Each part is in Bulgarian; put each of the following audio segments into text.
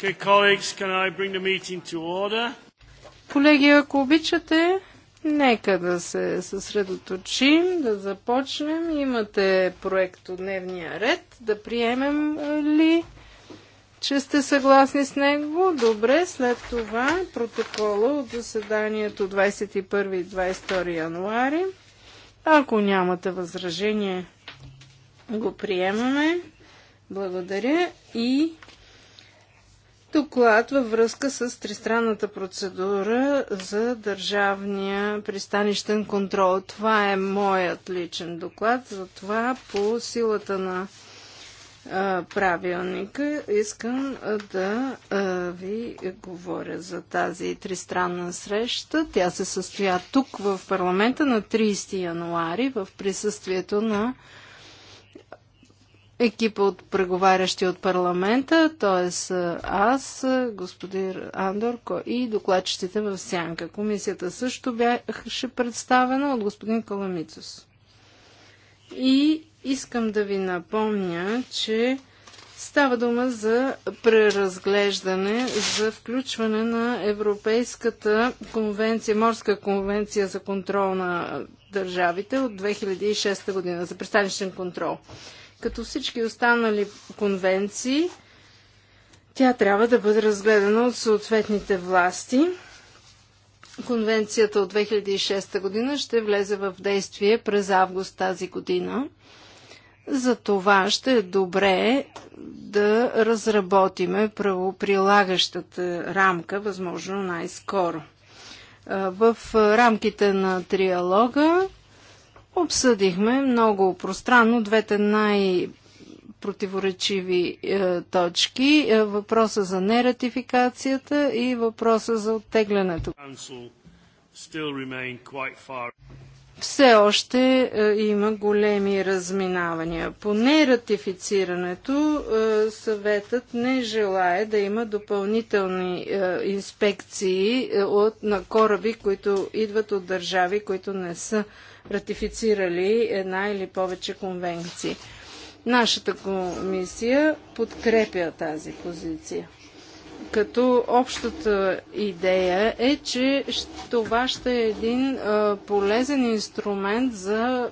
Okay, colleagues, can I bring the meeting to order? Колеги, ако обичате, нека да се съсредоточим, да започнем. Имате проект от дневния ред. Да приемем ли, че сте съгласни с него? Добре, след това протокола от заседанието 21 и 22 януари. Ако нямате възражение, го приемаме. Благодаря и доклад във връзка с тристранната процедура за държавния пристанищен контрол. Това е моят личен доклад, затова по силата на а, правилника искам да а, ви говоря за тази тристранна среща. Тя се състоя тук в парламента на 30 януари в присъствието на екипа от преговарящи от парламента, т.е. аз, господин Андор и докладчиците в Сянка. Комисията също бяха представена от господин Каламицус. И искам да ви напомня, че става дума за преразглеждане, за включване на Европейската конвенция, морска конвенция за контрол на държавите от 2006 година, за пристанищен контрол. Като всички останали конвенции, тя трябва да бъде разгледана от съответните власти. Конвенцията от 2006 година ще влезе в действие през август тази година. За това ще е добре да разработиме правоприлагащата рамка, възможно най-скоро. В рамките на триалога Обсъдихме много пространно двете най- противоречиви е, точки. Е, въпроса за нератификацията и въпроса за оттеглянето. Все още е, има големи разминавания. По нератифицирането е, съветът не желая да има допълнителни е, инспекции е, от, на кораби, които идват от държави, които не са е, ратифицирали една или повече конвенции. Нашата комисия подкрепя тази позиция. Като общата идея е, че това ще е един а, полезен инструмент за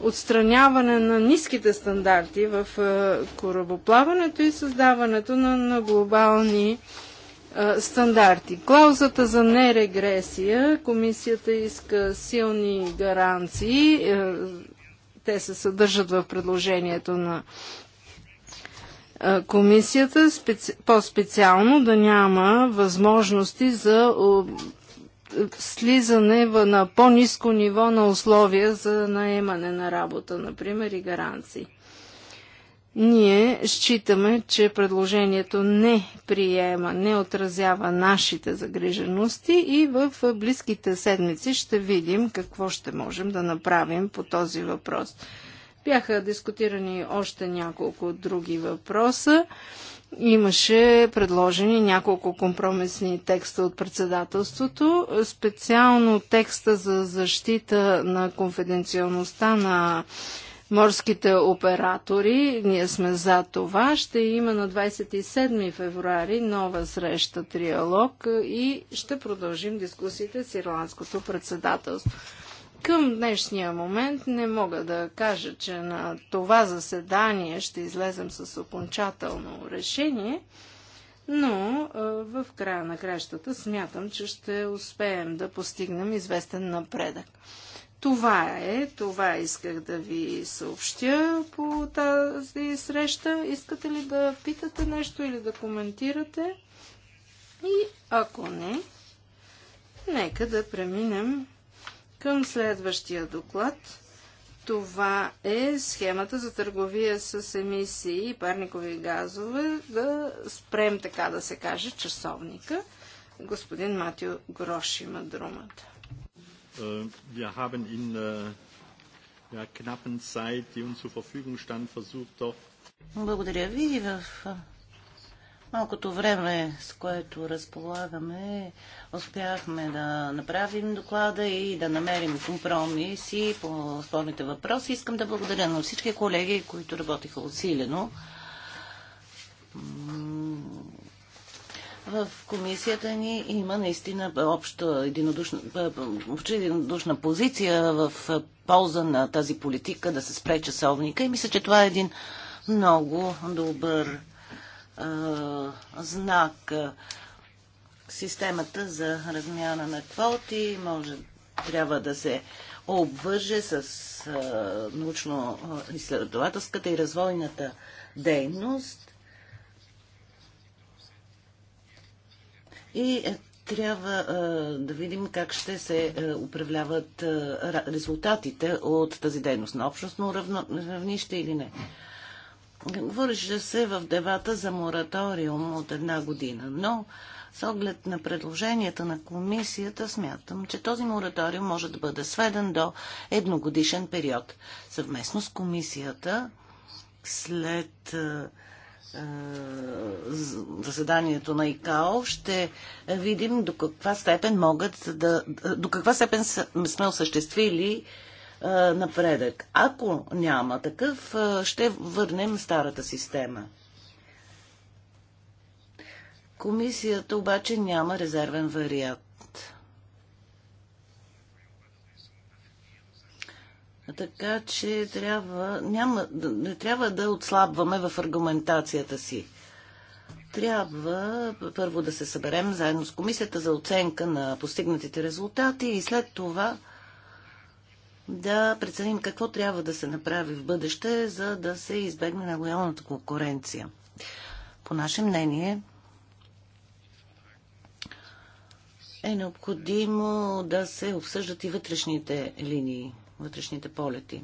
отстраняване на ниските стандарти в а, корабоплаването и създаването на, на глобални а, стандарти. Клаузата за нерегресия, комисията иска силни гаранции, е, те се съдържат в предложението на комисията, по-специално да няма възможности за слизане на по-низко ниво на условия за наемане на работа, например, и гаранции. Ние считаме, че предложението не приема, не отразява нашите загрижености и в близките седмици ще видим какво ще можем да направим по този въпрос. Бяха дискутирани още няколко други въпроса. Имаше предложени няколко компромисни текста от председателството, специално текста за защита на конфиденциалността на морските оператори. Ние сме за това. Ще има на 27 февруари нова среща триалог е, и ще продължим дискусиите с ирландското председателство. Към днешния момент не мога да кажа, че на това заседание ще излезем с окончателно решение, но е, в края на кращата смятам, че ще успеем да постигнем известен напредък. Това е, това исках да ви съобщя по тази среща. Искате ли да питате нещо или да коментирате? И ако не, нека да преминем към следващия доклад. Това е схемата за търговия с емисии и парникови газове. Да спрем, така да се каже, часовника. Господин Матио Грош има думата. Äh, wir haben in der äh, knappen Zeit, die uns zur Verfügung stand, versucht doch. Благодаря ви. В малкото време, с което разполагаме, успяхме да направим доклада и да намерим компромиси по спорните въпроси. Искам да благодаря на всички колеги, които работиха усилено в комисията ни има наистина обща единодушна, единодушна позиция в полза на тази политика да се спре часовника и мисля, че това е един много добър а, знак. Системата за размяна на квоти може трябва да се обвърже с научно-изследователската и развойната дейност И е, трябва е, да видим как ще се е, управляват резултатите от тази дейност на общностно равнище или не. Говореше се в дебата за мораториум от една година, но с оглед на предложенията на комисията смятам, че този мораториум може да бъде сведен до едногодишен период. Съвместно с комисията, след е, заседанието на ИКАО, ще видим до каква степен могат да. до каква степен сме осъществили е, напредък. Ако няма такъв, е, ще върнем старата система. Комисията обаче няма резервен вариант. Така че трябва, няма, не трябва да отслабваме в аргументацията си. Трябва първо да се съберем заедно с комисията за оценка на постигнатите резултати и след това да преценим какво трябва да се направи в бъдеще, за да се избегне нелоялната конкуренция. По наше мнение е необходимо да се обсъждат и вътрешните линии вътрешните полети.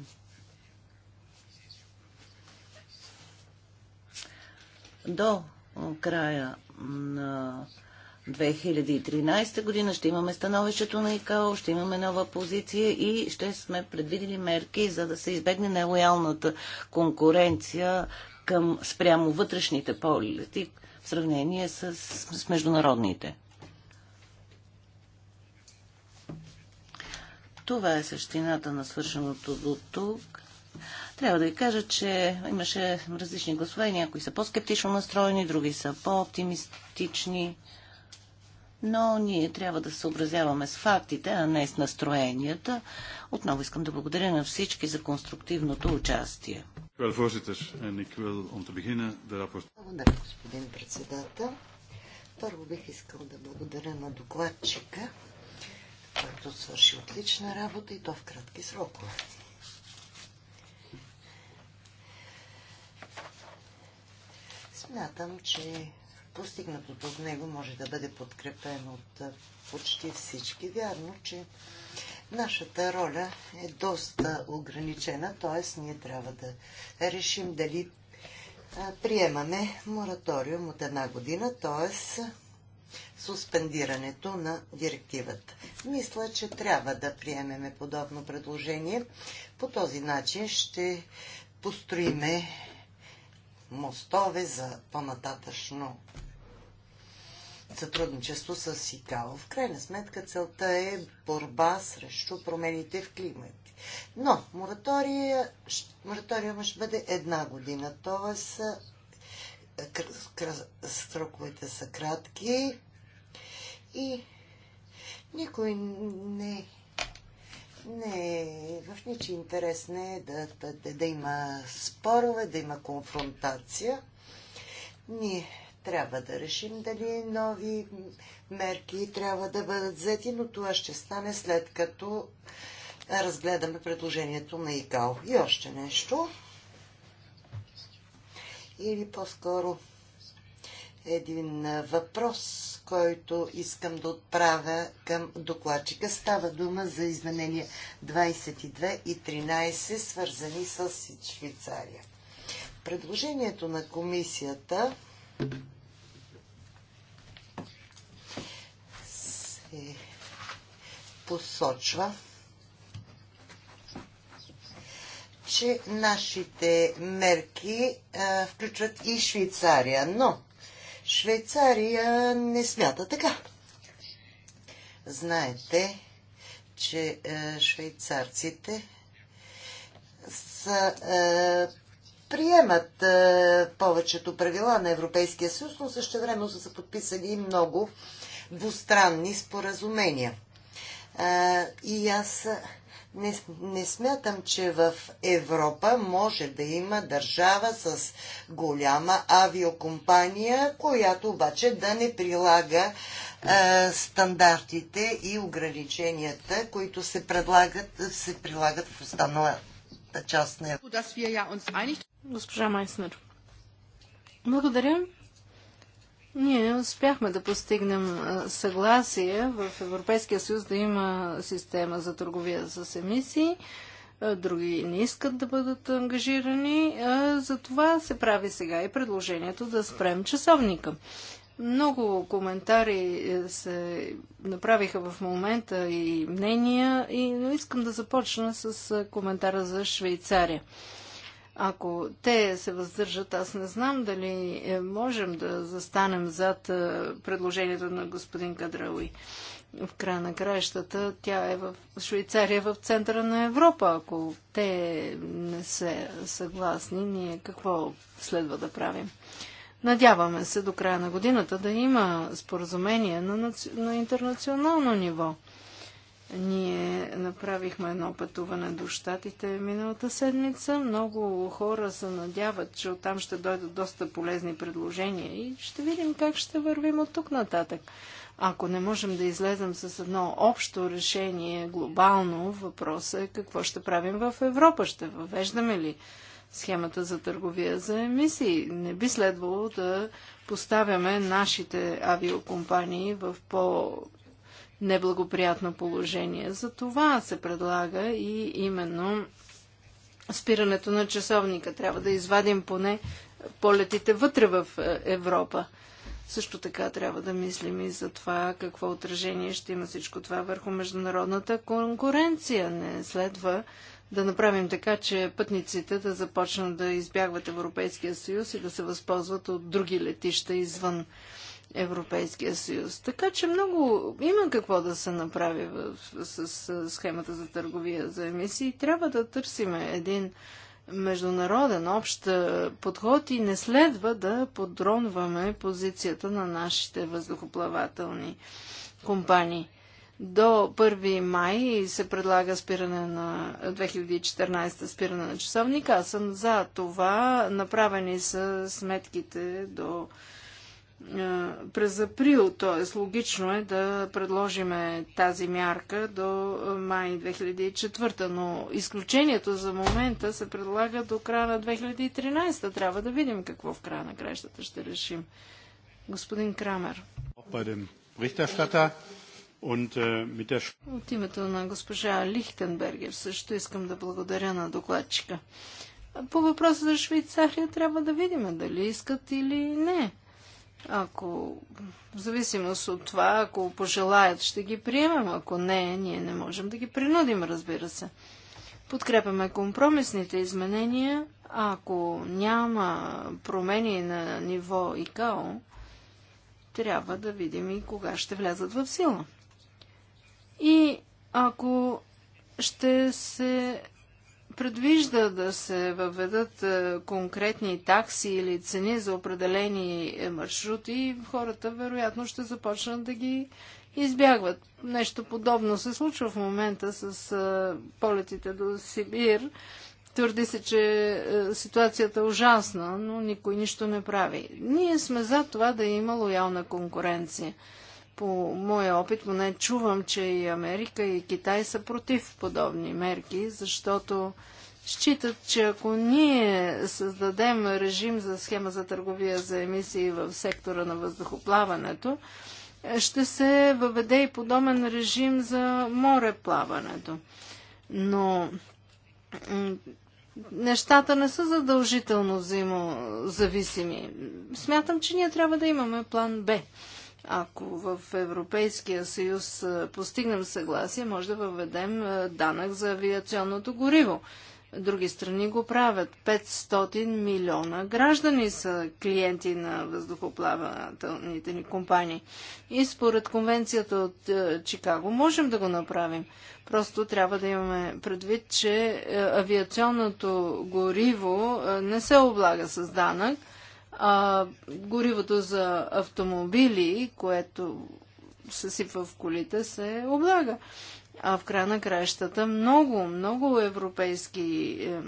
До края на 2013 година ще имаме становището на ИКАО, ще имаме нова позиция и ще сме предвидили мерки, за да се избегне нелоялната конкуренция към спрямо вътрешните полети в сравнение с, с международните. Това е същината на свършеното до тук. Трябва да ви кажа, че имаше различни гласове. Някои са по-скептично настроени, други са по-оптимистични. Но ние трябва да съобразяваме с фактите, а не с настроенията. Отново искам да благодаря на всички за конструктивното участие. Благодаря, господин председател. Първо бих искал да благодаря на докладчика който свърши отлична работа и то в кратки срокове. Смятам, че постигнатото от него може да бъде подкрепено от почти всички. Вярно, че нашата роля е доста ограничена, т.е. ние трябва да решим дали приемаме мораториум от една година, т.е суспендирането на директивата. Мисля, че трябва да приемеме подобно предложение. По този начин ще построиме мостове за по-нататъчно сътрудничество с ИКАО. В крайна сметка целта е борба срещу промените в климата. Но моратория, мораториума ще бъде една година, т.е строковете са кратки и никой не не, е в ничи интерес не е да, да, да има спорове, да има конфронтация. Ние трябва да решим дали нови мерки трябва да бъдат взети, но това ще стане след като разгледаме предложението на ИКАО. И още нещо или по-скоро един въпрос, който искам да отправя към докладчика. Става дума за изменения 22 и 13, свързани с Швейцария. Предложението на комисията се посочва че нашите мерки а, включват и Швейцария, но Швейцария не смята така. Знаете, че а, швейцарците са, а, приемат а, повечето правила на Европейския съюз, но време са, са подписали и много двустранни споразумения. А, и аз не, не смятам, че в Европа може да има държава с голяма авиокомпания, която обаче да не прилага е, стандартите и ограниченията, които се, предлагат, се прилагат в останалата част на Европа. Госпожа Майснер, благодаря. Ние успяхме да постигнем съгласие в Европейския съюз да има система за търговия с емисии. Други не искат да бъдат ангажирани. Затова се прави сега и предложението да спрем часовника. Много коментари е, се направиха в момента и мнения, и, но искам да започна с коментара за Швейцария. Ако те се въздържат, аз не знам дали е, можем да застанем зад е, предложението на господин Кадрауи. В края на краищата тя е в Швейцария, е в центъра на Европа. Ако те не се съгласни, ние какво следва да правим? Надяваме се до края на годината да има споразумение на, наци... на интернационално ниво. Ние направихме едно пътуване до щатите миналата седмица. Много хора се надяват, че оттам ще дойдат доста полезни предложения и ще видим как ще вървим от тук нататък. Ако не можем да излезем с едно общо решение глобално, въпросът е какво ще правим в Европа. Ще въвеждаме ли схемата за търговия за емисии? Не би следвало да поставяме нашите авиокомпании в по неблагоприятно положение. За това се предлага и именно спирането на часовника. Трябва да извадим поне полетите вътре в е, Европа. Също така трябва да мислим и за това какво отражение ще има всичко това върху международната конкуренция. Не следва да направим така, че пътниците да започнат да избягват Европейския съюз и да се възползват от други летища извън Европейския съюз. Така че много има какво да се направи в, с, с схемата за търговия за емисии. Трябва да търсиме един международен общ подход и не следва да подронваме позицията на нашите въздухоплавателни компании. До 1 май се предлага спиране на 2014 спиране на часовника. Аз съм за това. Направени са сметките до през април, т.е. логично е да предложиме тази мярка до май 2004, но изключението за момента се предлага до края на 2013. Трябва да видим какво в края на кращата ще решим. Господин Крамер. Äh, От името на госпожа Лихтенбергер също искам да благодаря на докладчика. По въпроса за Швейцария трябва да видим дали искат или не ако, в зависимост от това, ако пожелаят, ще ги приемем. Ако не, ние не можем да ги принудим, разбира се. Подкрепяме компромисните изменения. Ако няма промени на ниво ИКАО, трябва да видим и кога ще влязат в сила. И ако ще се предвижда да се въведат е, конкретни такси или цени за определени е, маршрути, хората вероятно ще започнат да ги избягват. Нещо подобно се случва в момента с е, полетите до Сибир. Твърди се, че ситуацията е ужасна, но никой нищо не прави. Ние сме за това да има лоялна конкуренция по моя опит, поне чувам, че и Америка и Китай са против подобни мерки, защото считат, че ако ние създадем режим за схема за търговия за емисии в сектора на въздухоплаването, ще се въведе и подобен режим за мореплаването. Но нещата не са задължително взаимозависими. Смятам, че ние трябва да имаме план Б. Ако в Европейския съюз постигнем съгласие, може да въведем данък за авиационното гориво. Други страни го правят. 500 милиона граждани са клиенти на въздухоплавателните ни компании. И според конвенцията от Чикаго можем да го направим. Просто трябва да имаме предвид, че авиационното гориво не се облага с данък – а, горивото за автомобили, което се сипва в колите, се облага. А в края на краищата много, много европейски е,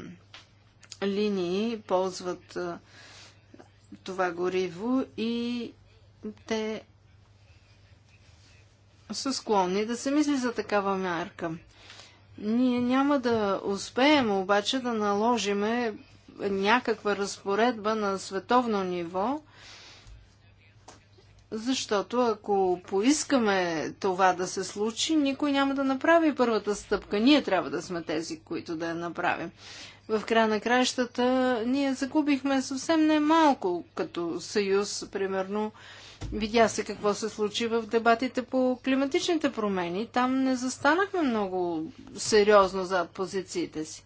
линии ползват е, това гориво и те са склонни да се мисли за такава мярка. Ние няма да успеем обаче да наложиме някаква разпоредба на световно ниво, защото ако поискаме това да се случи, никой няма да направи първата стъпка. Ние трябва да сме тези, които да я направим. В края на краищата ние загубихме съвсем немалко като съюз, примерно. Видя се какво се случи в дебатите по климатичните промени. Там не застанахме много сериозно зад позициите си.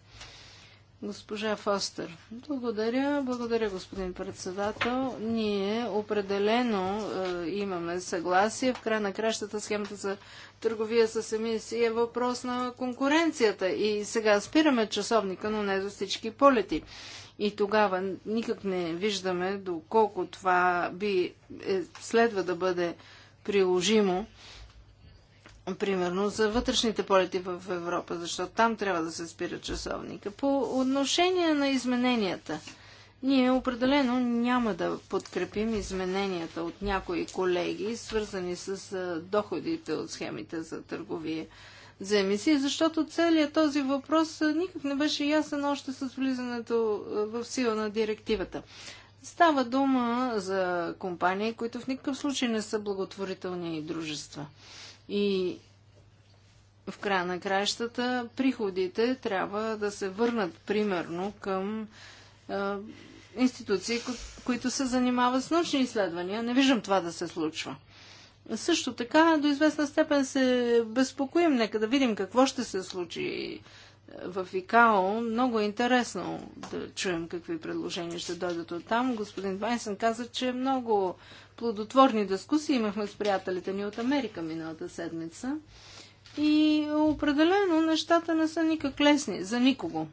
Госпожа Фостер. Благодаря, благодаря господин председател. Ние определено е, имаме съгласие. В край на кращата схемата за търговия с емисии е въпрос на конкуренцията. И сега спираме часовника, но не за всички полети. И тогава никак не виждаме доколко това би е, следва да бъде приложимо примерно за вътрешните полети в Европа, защото там трябва да се спира часовника. По отношение на измененията, ние определено няма да подкрепим измененията от някои колеги, свързани с доходите от схемите за търговия за емисии, защото целият този въпрос никак не беше ясен още с влизането в сила на директивата. Става дума за компании, които в никакъв случай не са благотворителни дружества. И в края на краищата приходите трябва да се върнат примерно към е, институции, които се занимават с научни изследвания. Не виждам това да се случва. Също така, до известна степен се безпокоим. Нека да видим какво ще се случи в ИКАО. Много е интересно да чуем какви предложения ще дойдат от там. Господин Вайсен каза, че е много плодотворни дискусии имахме с приятелите ни от Америка миналата седмица. И определено нещата не са никак лесни за никого.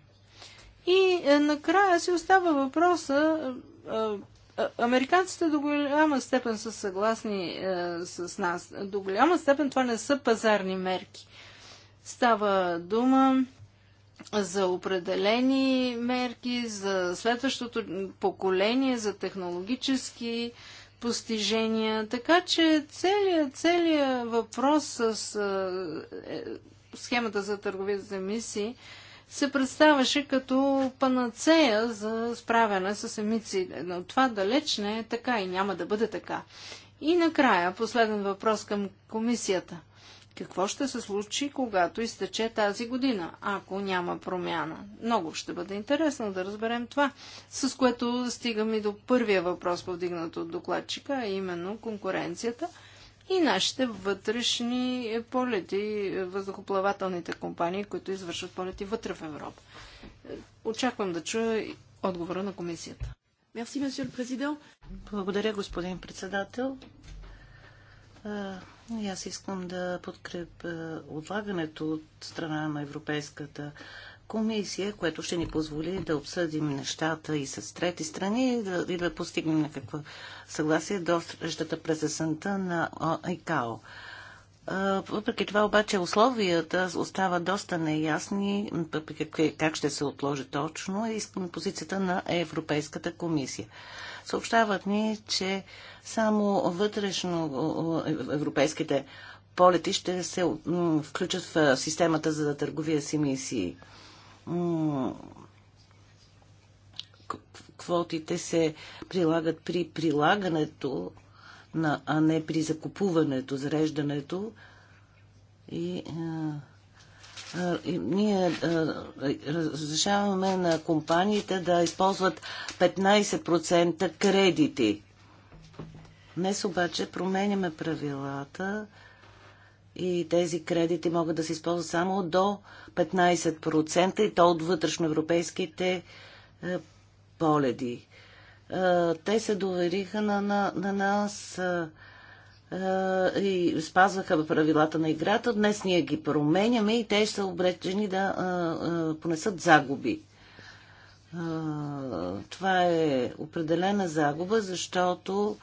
И е, накрая си остава въпроса. Е, е, американците до голяма степен са съгласни с нас. До голяма степен това не са пазарни мерки. Става дума за определени мерки, за следващото поколение, за технологически постижения. Така че целият, целият въпрос с е, схемата за търговия за емисии се представяше като панацея за справяне с емисии. Но това далеч не е така и няма да бъде така. И накрая, последен въпрос към комисията. Какво ще се случи, когато изтече тази година, ако няма промяна? Много ще бъде интересно да разберем това, с което стигам и до първия въпрос, повдигнат от докладчика, а именно конкуренцията и нашите вътрешни полети, въздухоплавателните компании, които извършват полети вътре в Европа. Очаквам да чуя отговора на комисията. Благодаря, господин председател. И аз искам да подкрепя отлагането от страна на Европейската комисия, което ще ни позволи да обсъдим нещата и с трети страни и да, и да постигнем някакво съгласие до срещата през есента на ИКАО. Въпреки това обаче условията остават доста неясни как ще се отложи точно и позицията на Европейската комисия. Съобщават ни, че само вътрешно европейските полети ще се включат в системата за търговия с емисии. Квотите се прилагат при прилагането а не при закупуването, зареждането. И, а, и ние а, разрешаваме на компаниите да използват 15% кредити. Днес обаче променяме правилата и тези кредити могат да се използват само до 15% и то от вътрешноевропейските е, поледи те се довериха на, на, на нас а, и спазваха правилата на играта. Днес ние ги променяме и те ще са обречени да а, а, понесат загуби. А, това е определена загуба, защото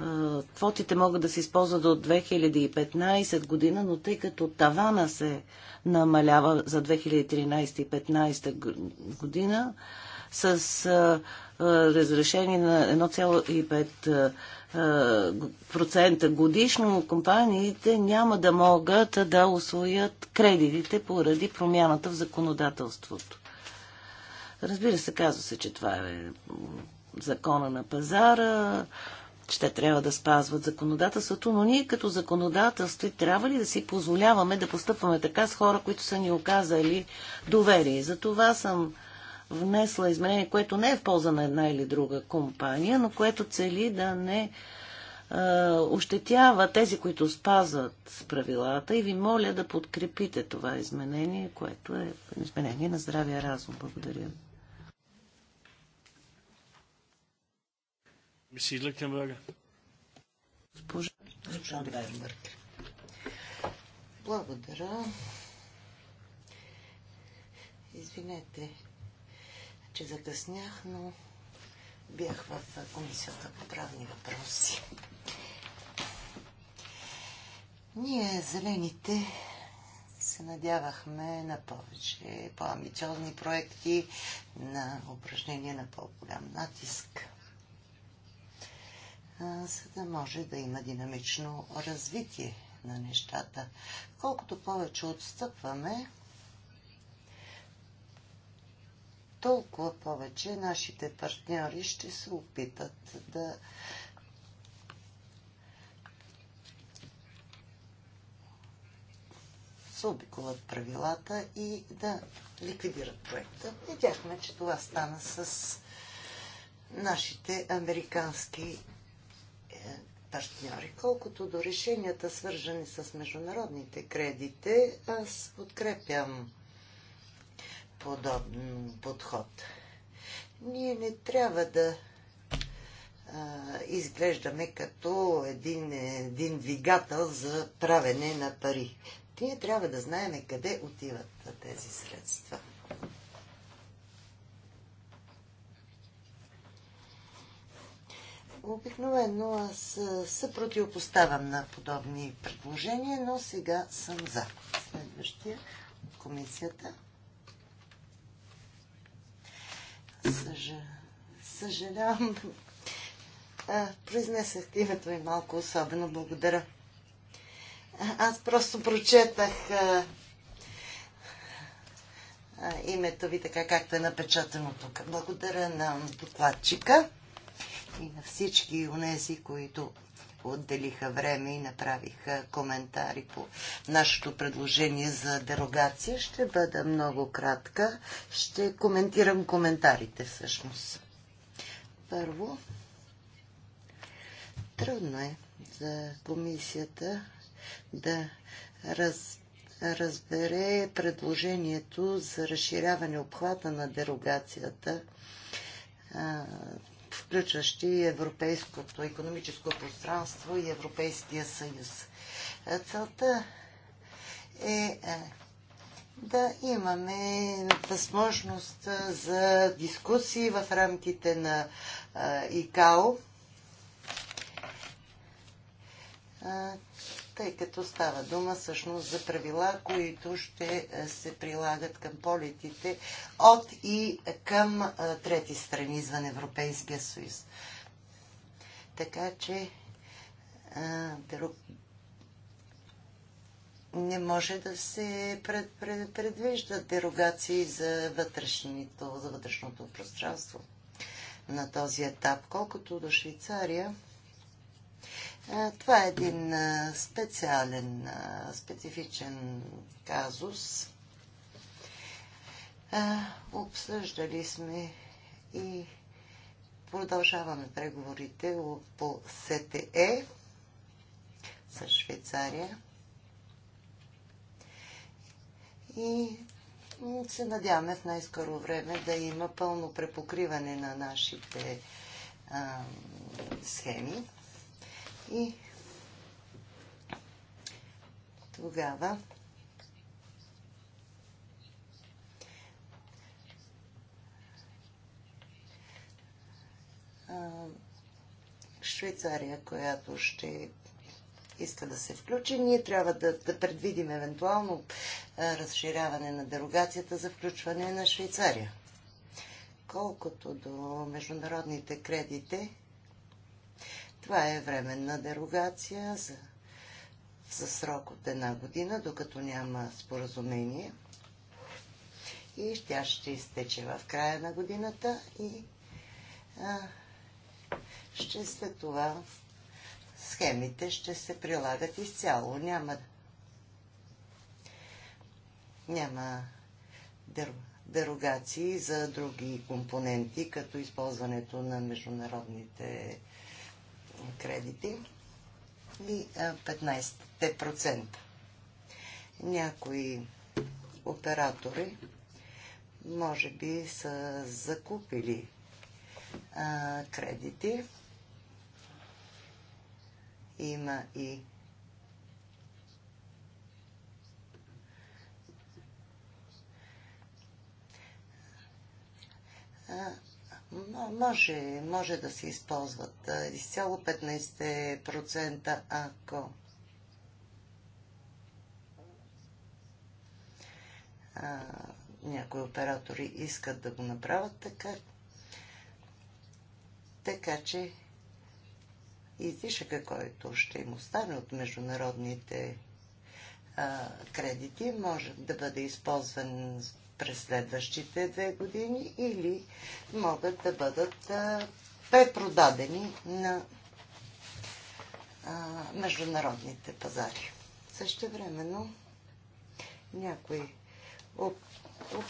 а, квотите могат да се използват от 2015 година, но тъй като тавана се намалява за 2013 и 2015 година, с разрешение на 1,5% годишно, компаниите няма да могат да освоят кредитите поради промяната в законодателството. Разбира се, казва се, че това е закона на пазара, че те трябва да спазват законодателството, но ние като законодателство трябва ли да си позволяваме да постъпваме така с хора, които са ни оказали доверие? За това съм внесла изменение, което не е в полза на една или друга компания, но което цели да не а, ощетява тези, които спазват правилата и ви моля да подкрепите това изменение, което е изменение на здравия разум. Благодаря ви. Госпожа Благодаря. Извинете, че закъснях, но бях в комисията по правни въпроси. Ние, зелените, се надявахме на повече по-амбициозни проекти, на упражнения на по-голям натиск, за да може да има динамично развитие на нещата. Колкото повече отстъпваме, толкова повече нашите партньори ще се опитат да се обикуват правилата и да ликвидират проекта. Видяхме, че това стана с нашите американски е, партньори. Колкото до решенията, свържени с международните кредите, аз подкрепям подобен подход. Ние не трябва да а, изглеждаме като един, един двигател за правене на пари. Ние трябва да знаем къде отиват тези средства. Обикновено аз се противопоставям на подобни предложения, но сега съм за. Следващия от комисията. Съжалявам. Произнесех името ми малко особено. Благодаря. Аз просто прочетах а, а, името ви така, както е напечатано тук. Благодаря на докладчика и на всички унези, които отделиха време и направиха коментари по нашето предложение за дерогация. Ще бъда много кратка. Ще коментирам коментарите всъщност. Първо, трудно е за комисията да раз, разбере предложението за разширяване обхвата на дерогацията включващи Европейското економическо пространство и Европейския съюз. Целта е, е да имаме възможност за дискусии в рамките на ИКАО тъй като става дума всъщност за правила, които ще е, се прилагат към полетите от и към е, трети страни извън Европейския съюз. Така че е, не може да се пред, пред, предвиждат дерогации за, за вътрешното пространство на този етап. Колкото до Швейцария, това е един специален, специфичен казус. Обсъждали сме и продължаваме преговорите по СТЕ с Швейцария. И се надяваме в най-скоро време да има пълно препокриване на нашите а, схеми. И тогава Швейцария, която ще иска да се включи. Ние трябва да, да предвидим евентуално а, разширяване на дерогацията за включване на Швейцария. Колкото до международните кредити, това е временна дерогация за, за срок от една година, докато няма споразумение. И тя ще изтече в края на годината и а, ще след това схемите ще се прилагат изцяло. Няма, няма дерогации за други компоненти, като използването на международните кредити и 15%. Някои оператори може би са закупили кредити. Има и а, може, може да се използват изцяло 15%, ако а, някои оператори искат да го направят така, така че излишъка, който ще им остане от международните а, кредити, може да бъде използван през следващите две години или могат да бъдат препродадени на международните пазари. Също времено някои оп, оп,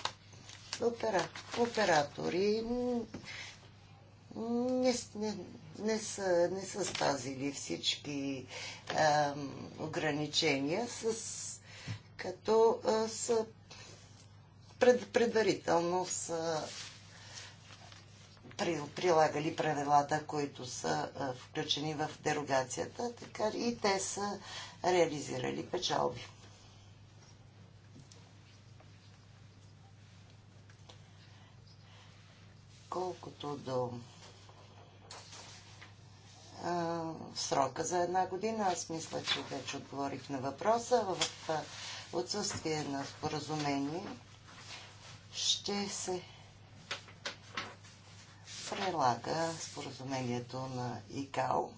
опера, оператори не, не, не, са, не са спазили всички а, ограничения, с, като а, са пред, предварително са при, прилагали правилата, които са а, включени в дерогацията, така и те са реализирали печалби. Колкото до а, срока за една година, аз мисля, че вече отговорих на въпроса. В, в отсъствие на споразумение ще се прилага споразумението на ИКАО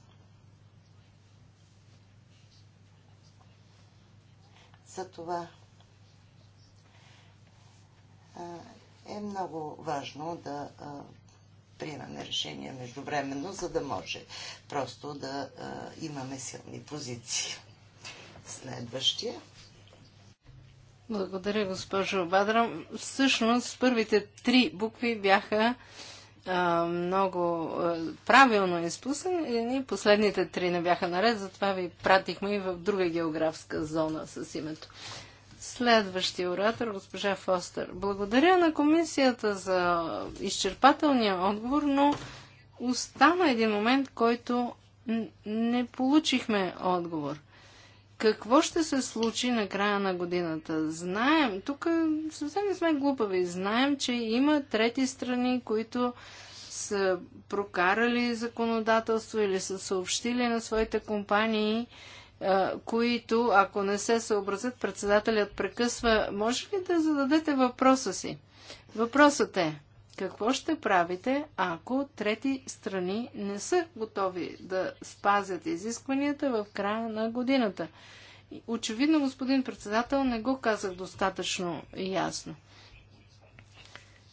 за това е много важно да приемаме решение междувременно, за да може просто да имаме силни позиции. Следващия. Благодаря, госпожо Бадра. Всъщност, първите три букви бяха а, много а, правилно изпусени. Последните три не бяха наред, затова ви пратихме и в друга географска зона с името. Следващия оратор, госпожа Фостер. Благодаря на комисията за изчерпателния отговор, но остана един момент, който не получихме отговор. Какво ще се случи на края на годината? Знаем, тук съвсем не сме глупави, знаем, че има трети страни, които са прокарали законодателство или са съобщили на своите компании, които, ако не се съобразят, председателят прекъсва. Може ли да зададете въпроса си? Въпросът е, какво ще правите, ако трети страни не са готови да спазят изискванията в края на годината? Очевидно, господин председател, не го казах достатъчно ясно.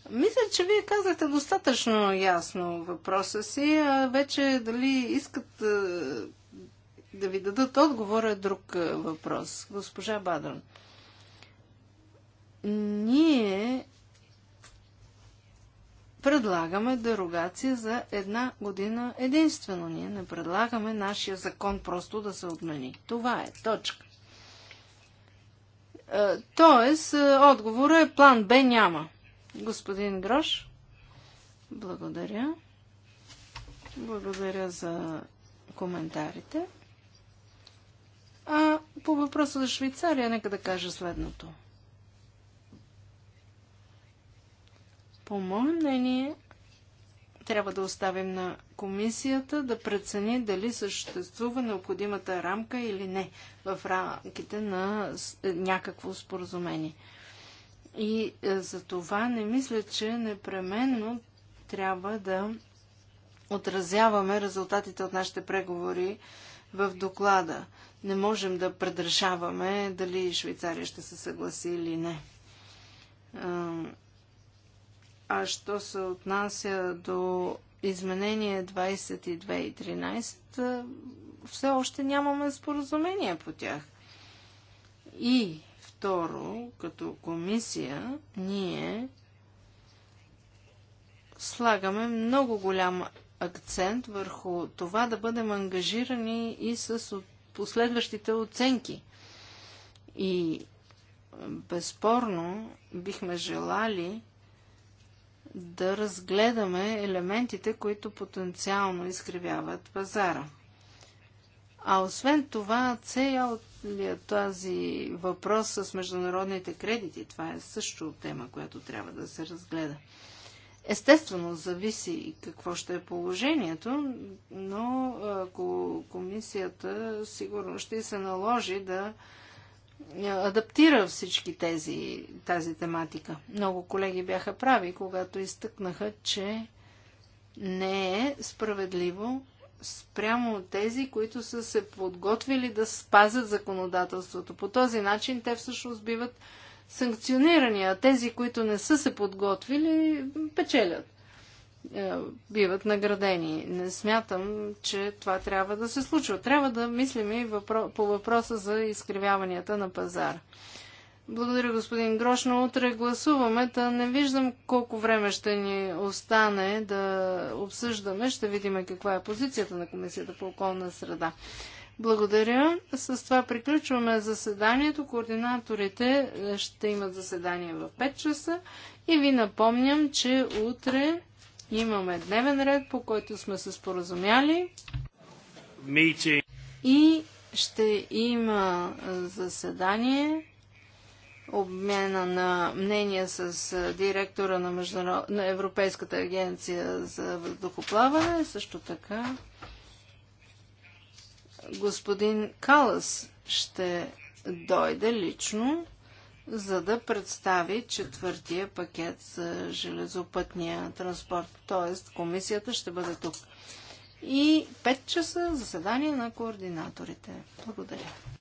Мисля, че вие казахте достатъчно ясно въпроса си, а вече дали искат да ви дадат отговор е друг въпрос. Госпожа Бадрон, ние предлагаме дерогация за една година единствено. Ние не предлагаме нашия закон просто да се отмени. Това е точка. Е, тоест, е, отговорът е план Б няма. Господин Грош, благодаря. Благодаря за коментарите. А по въпроса за Швейцария, нека да кажа следното. По мое мнение, трябва да оставим на комисията да прецени дали съществува необходимата рамка или не в рамките на е, някакво споразумение. И е, за това не мисля, че непременно трябва да отразяваме резултатите от нашите преговори в доклада. Не можем да предрешаваме дали Швейцария ще се съгласи или не. Е, а що се отнася до изменение 2213, все още нямаме споразумение по тях. И второ, като комисия, ние слагаме много голям акцент върху това да бъдем ангажирани и с последващите оценки. И безспорно бихме желали да разгледаме елементите, които потенциално изкривяват пазара. А освен това, целият този въпрос с международните кредити, това е също тема, която трябва да се разгледа. Естествено, зависи какво ще е положението, но ако комисията сигурно ще се наложи да адаптира всички тези, тази тематика. Много колеги бяха прави, когато изтъкнаха, че не е справедливо спрямо от тези, които са се подготвили да спазят законодателството. По този начин те всъщност биват санкционирани, а тези, които не са се подготвили, печелят. Е, биват наградени. Не смятам, че това трябва да се случва. Трябва да мислим и въпро... по въпроса за изкривяванията на пазара. Благодаря, господин Грош, но утре гласуваме. Та не виждам колко време ще ни остане да обсъждаме. Ще видим каква е позицията на Комисията по околна среда. Благодаря. С това приключваме заседанието. Координаторите е, ще имат заседание в 5 часа. И ви напомням, че утре Имаме дневен ред, по който сме се споразумяли. Meeting. И ще има заседание обмена на мнения с директора на, международ... на Европейската агенция за въздухоплаване. Също така господин Калас ще дойде лично за да представи четвъртия пакет за железопътния транспорт. Тоест, комисията ще бъде тук. И 5 часа заседание на координаторите. Благодаря.